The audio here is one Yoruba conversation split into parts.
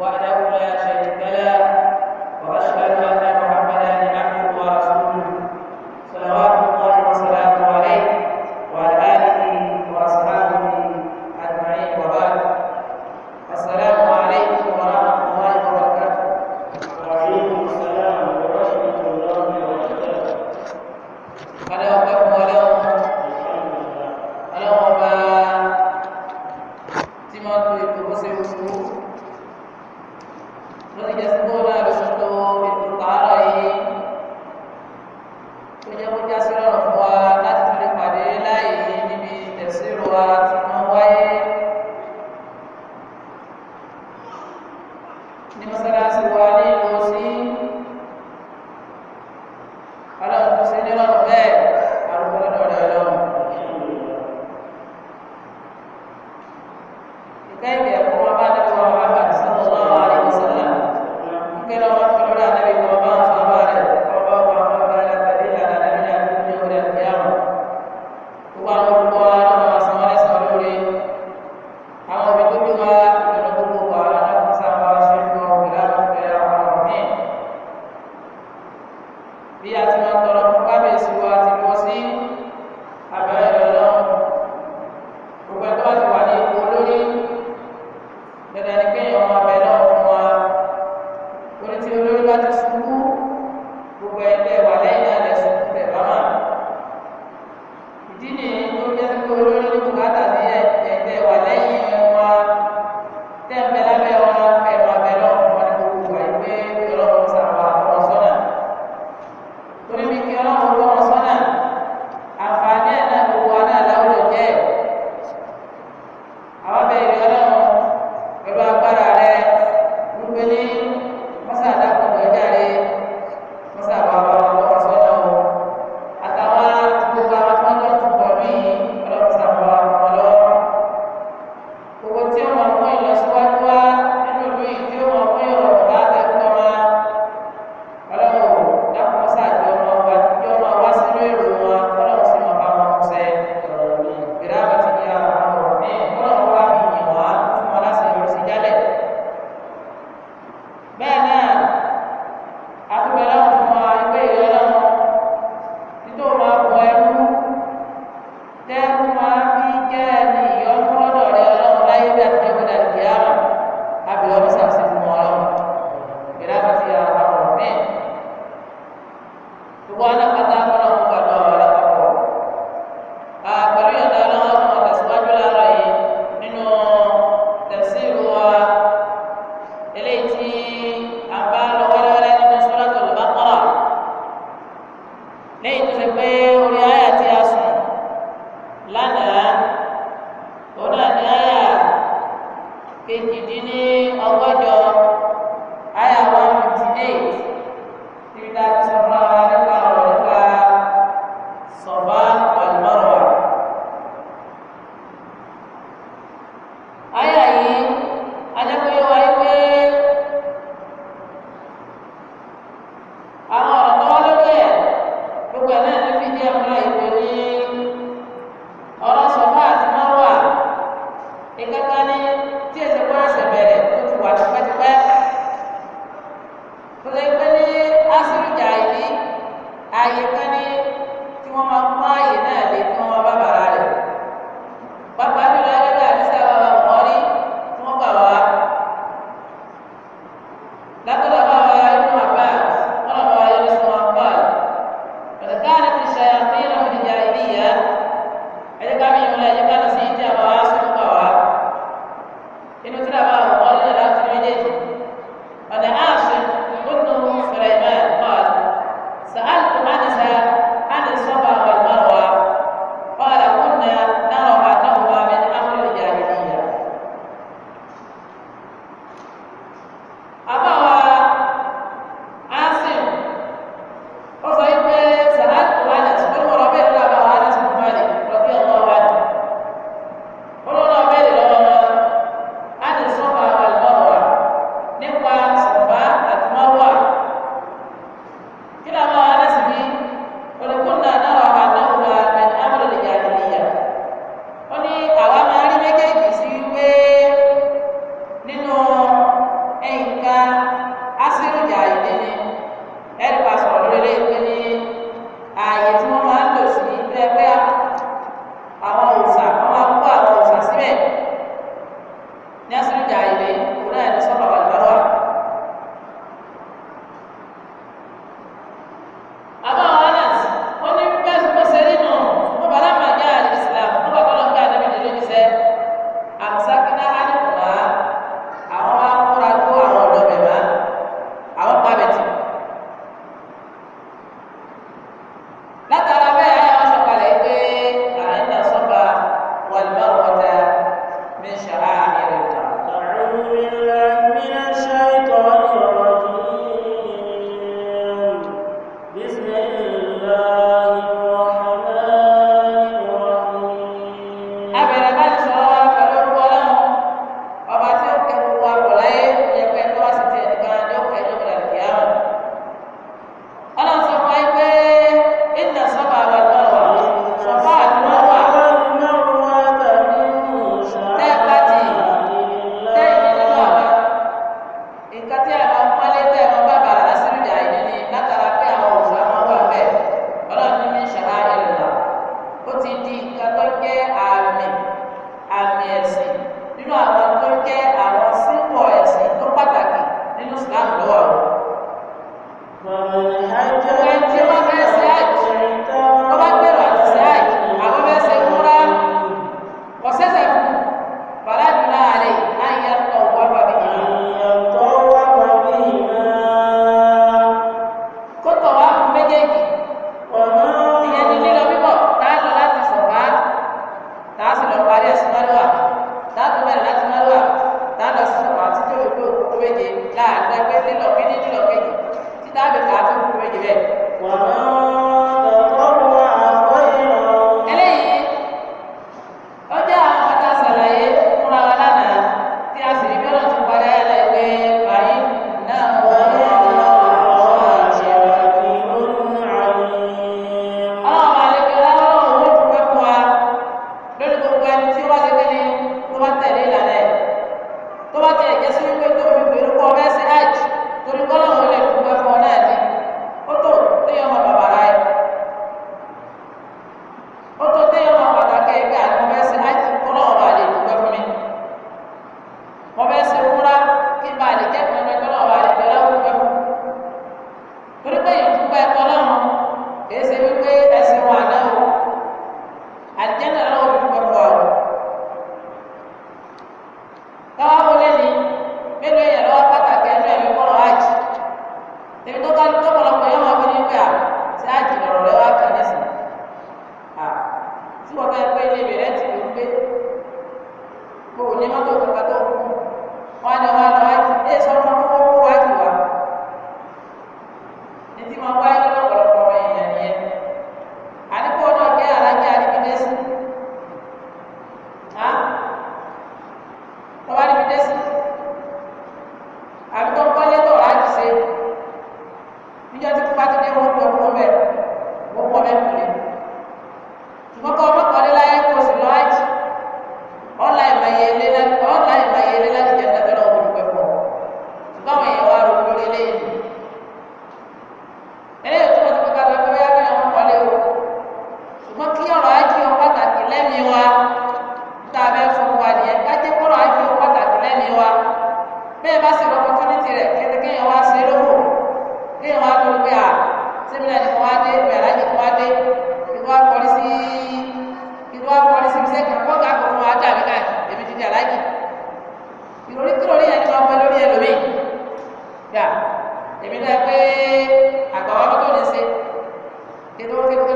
وعلى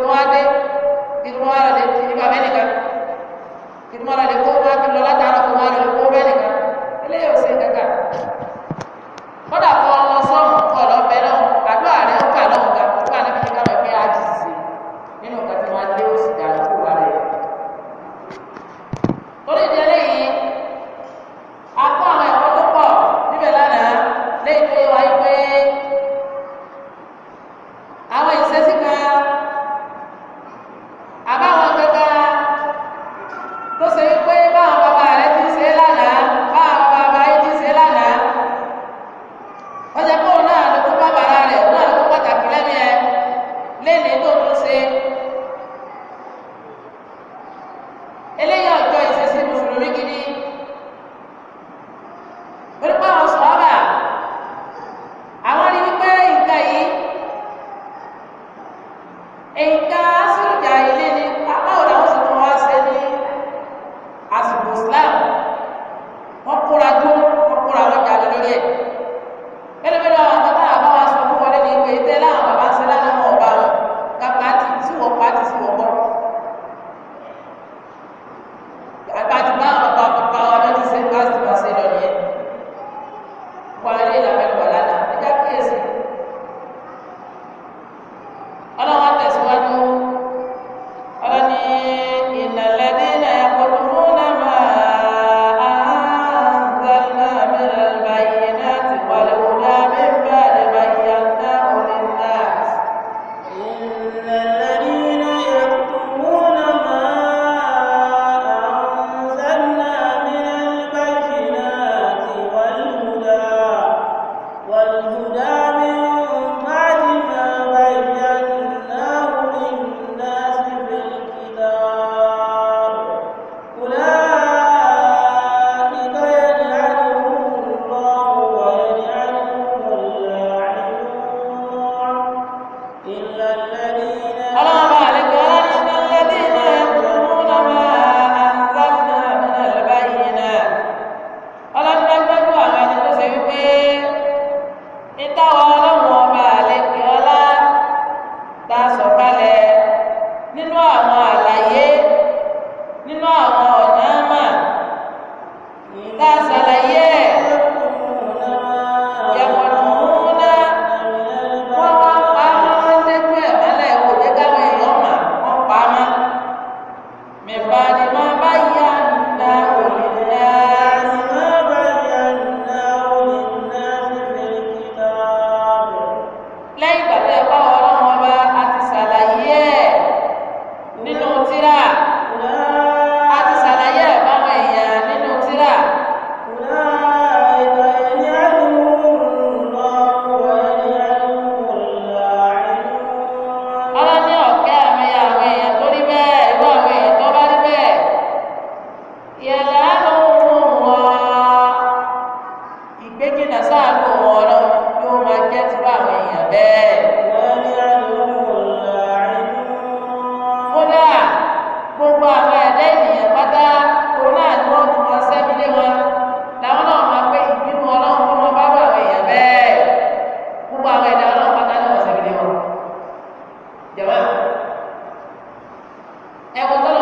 Gracias. ẹ̀wọ̀n tọ́lọ̀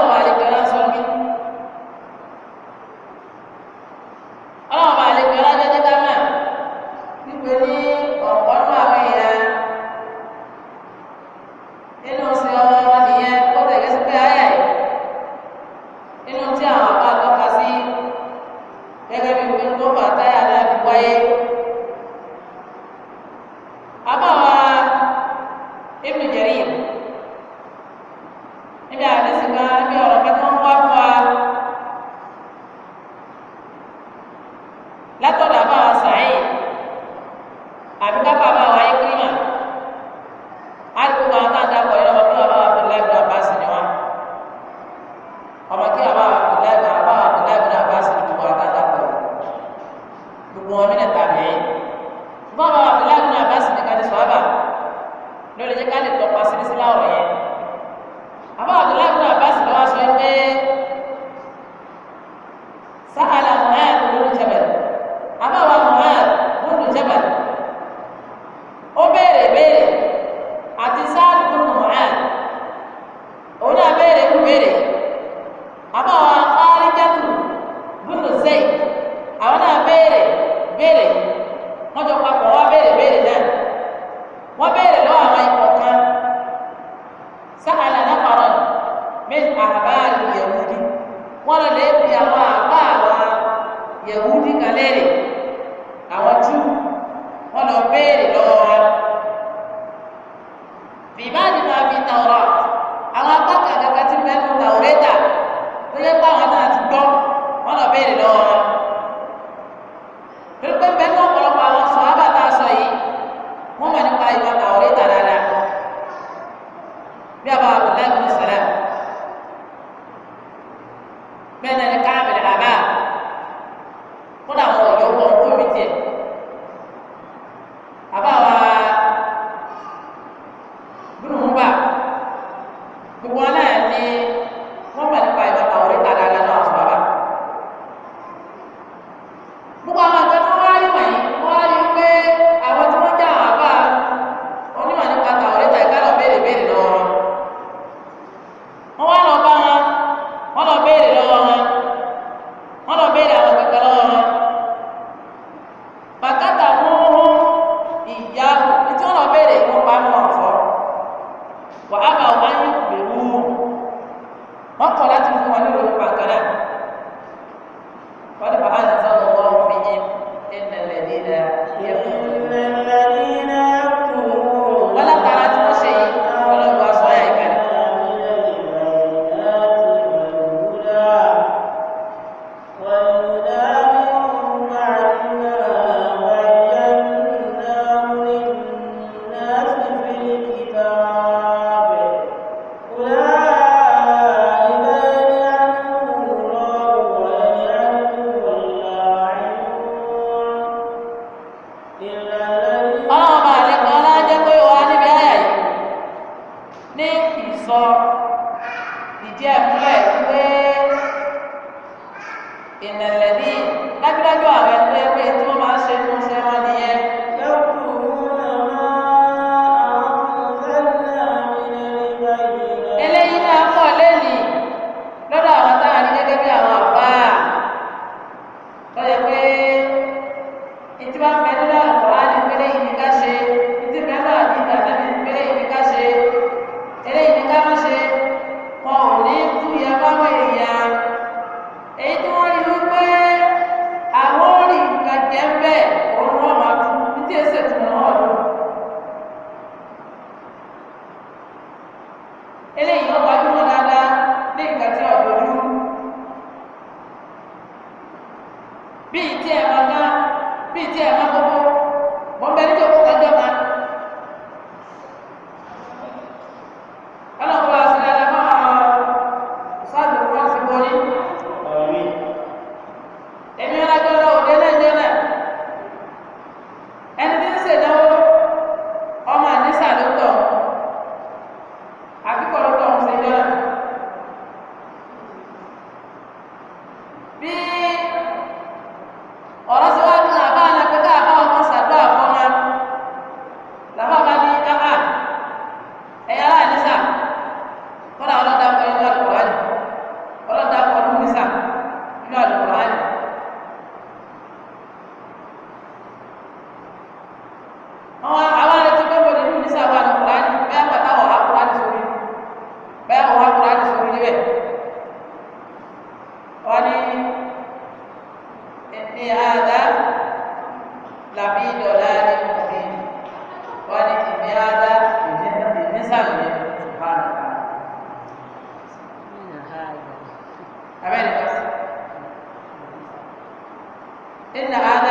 إن هذا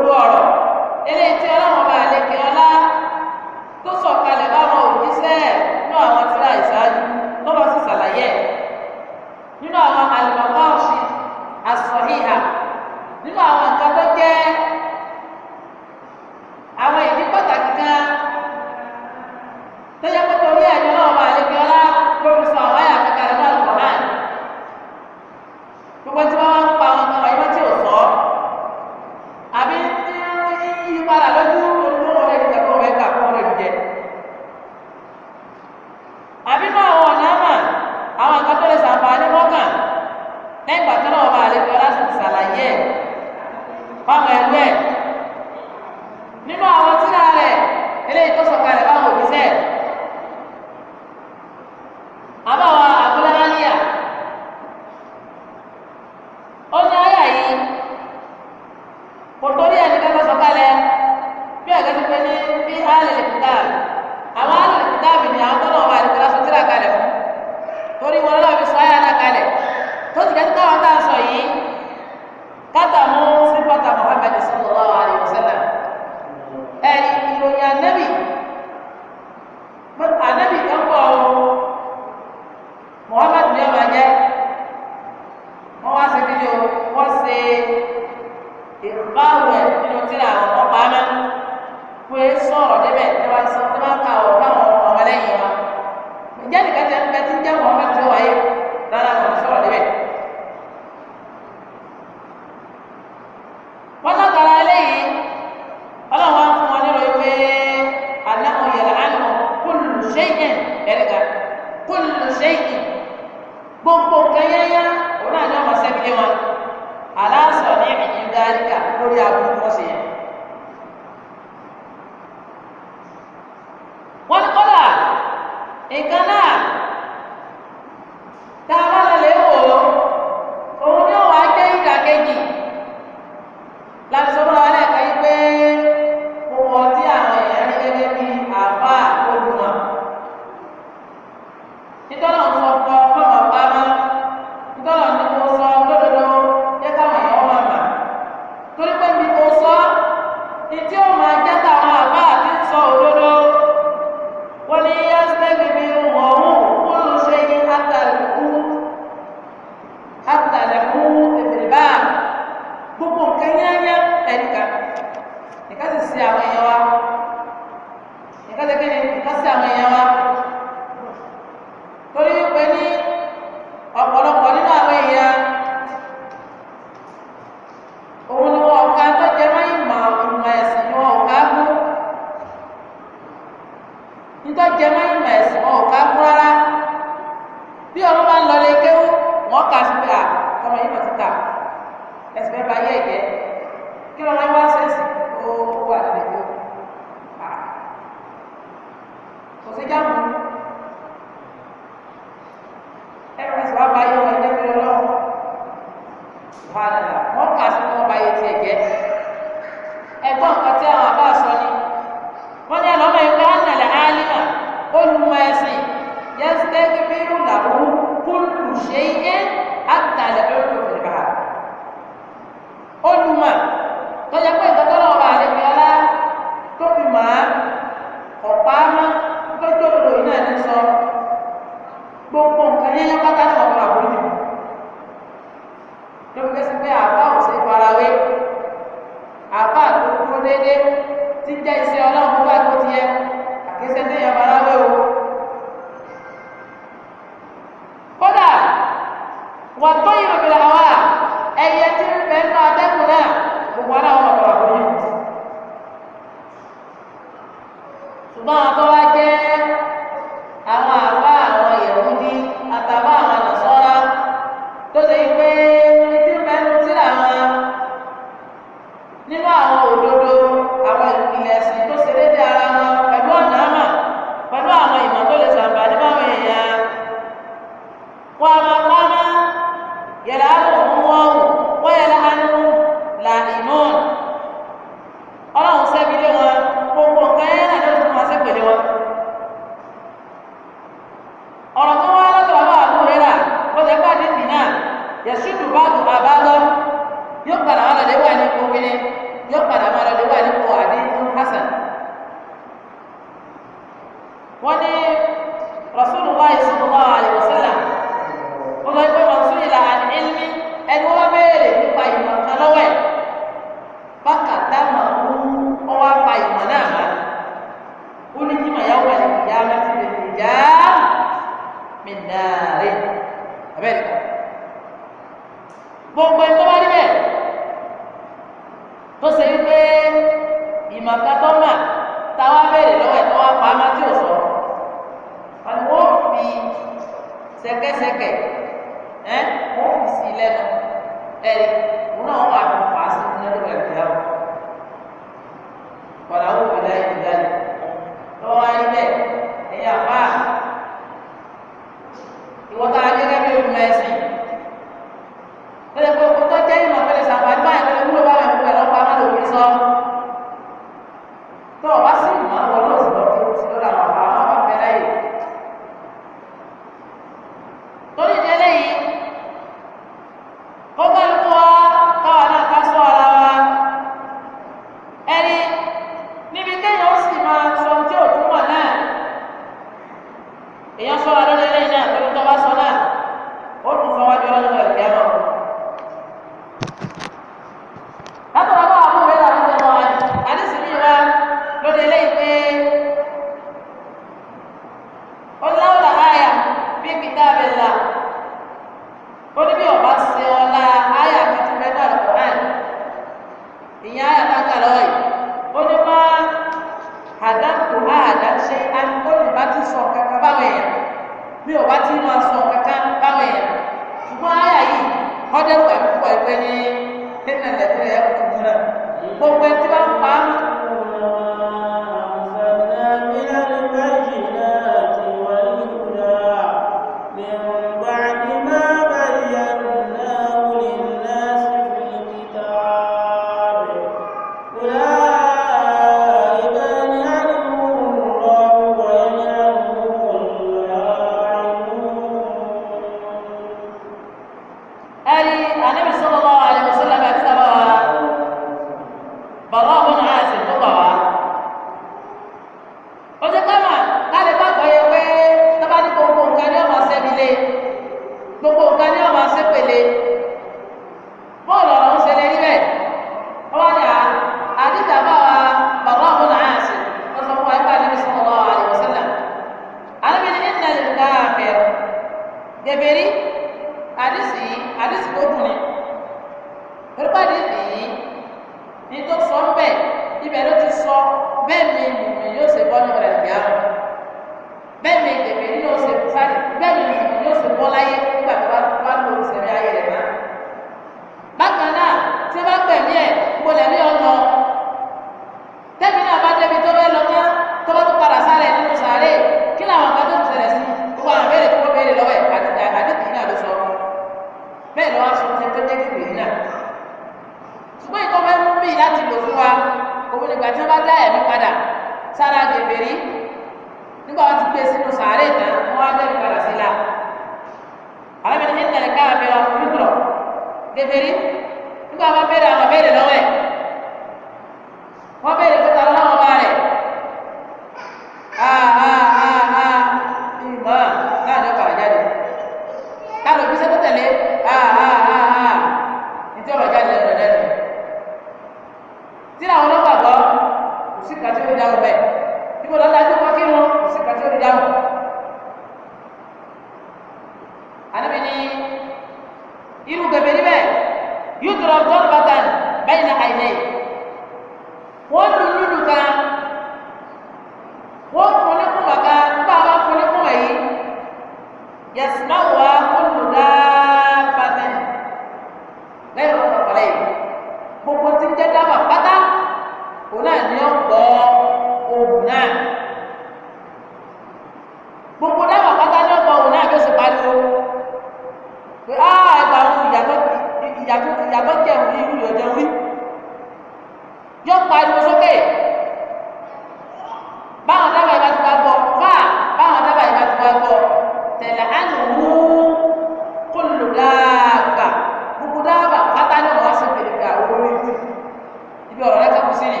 bí ọ̀rọ̀ láti kù sí ni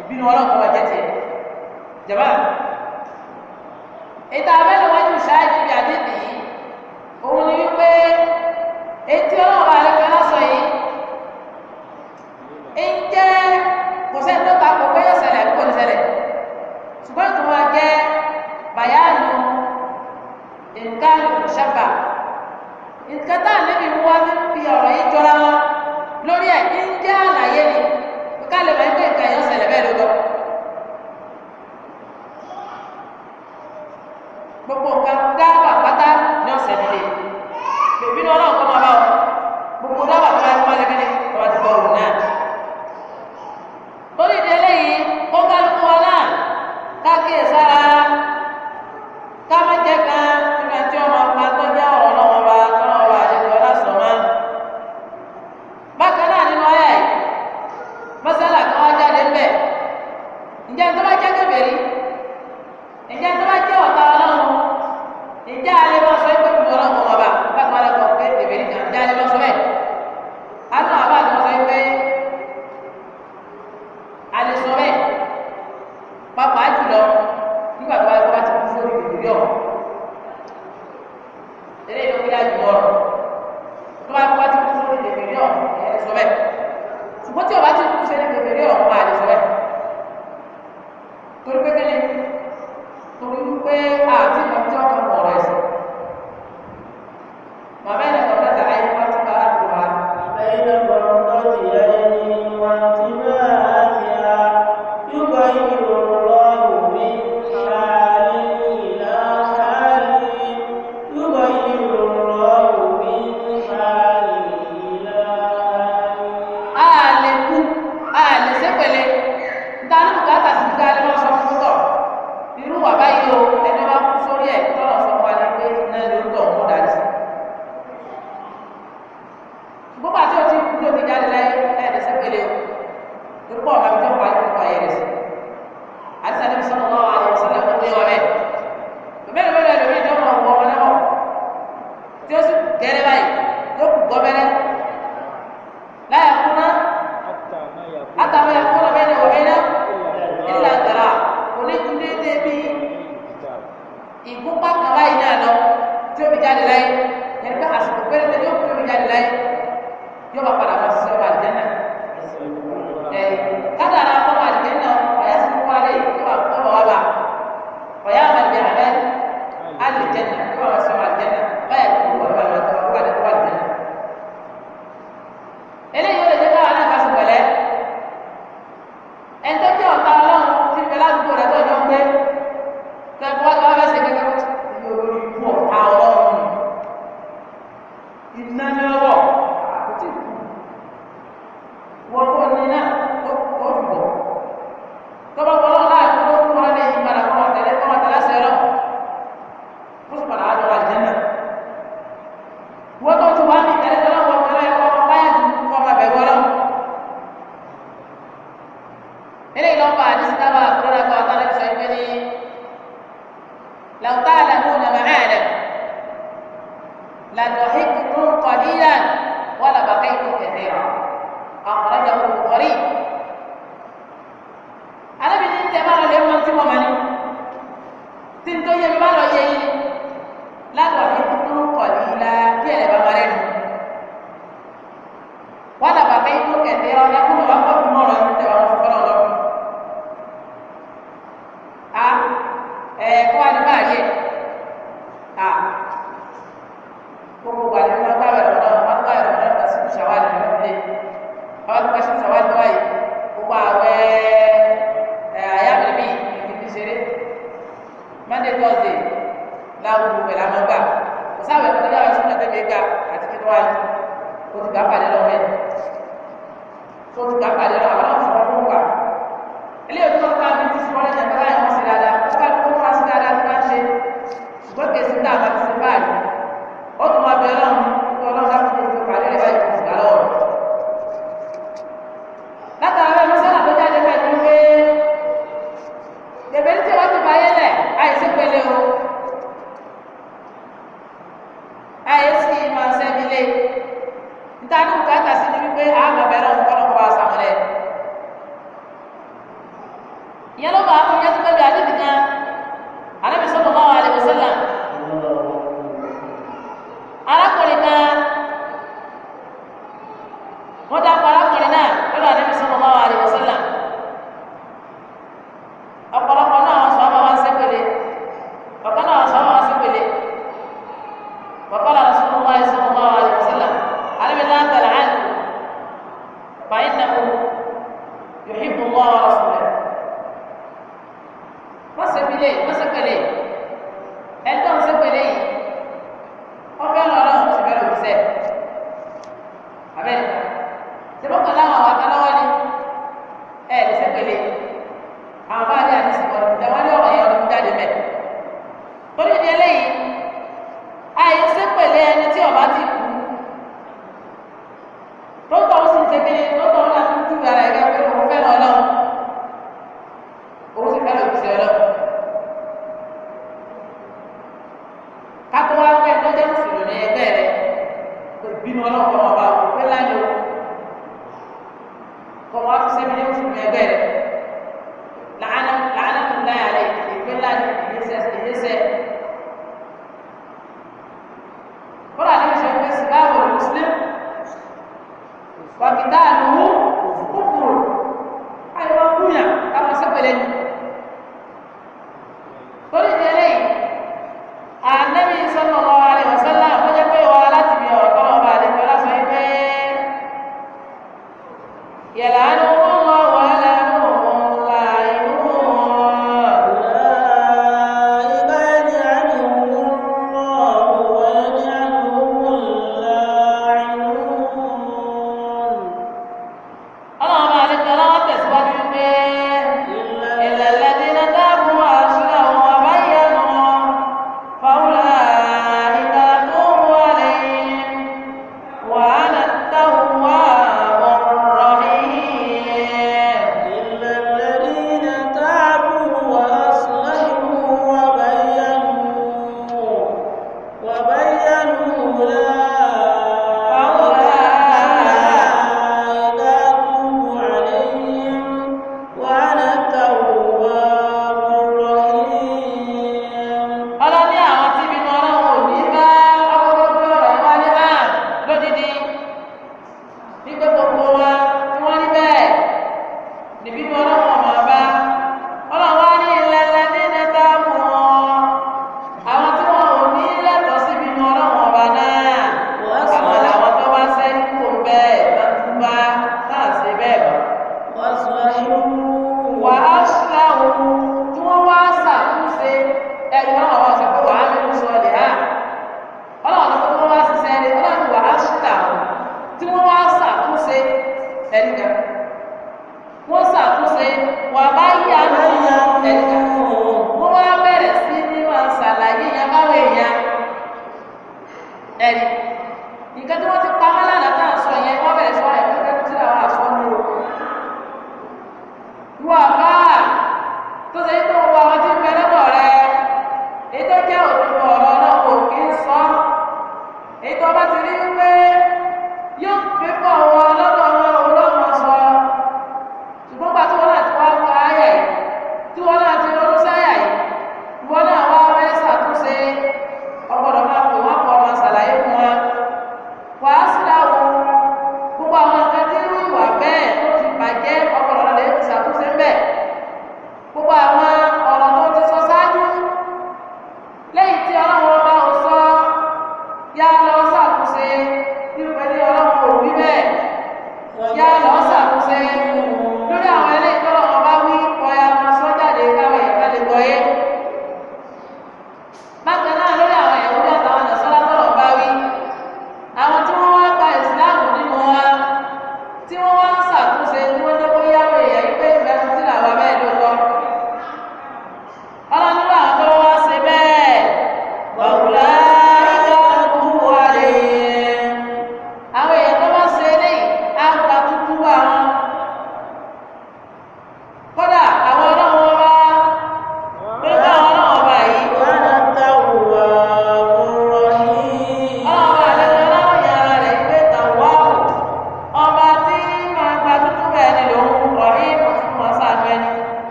ìbínú ọlọ́kùnrin ọjọ́ tiẹ̀ jẹ̀bá. ìta abẹ́lẹ̀ wájú ṣáájú bí àdéhùn yìí òun ni wípé etí ọlọ́run àlẹ́fẹ́ lọ́sọ̀ yìí ń jẹ́ kò sẹ́ni tó takò pé yóò ṣẹlẹ̀ àbí kò ní ṣùgbọ́n tó máa jẹ́ bàyáàlú nǹkan ìṣàbà nǹkan tá à ń wá ní.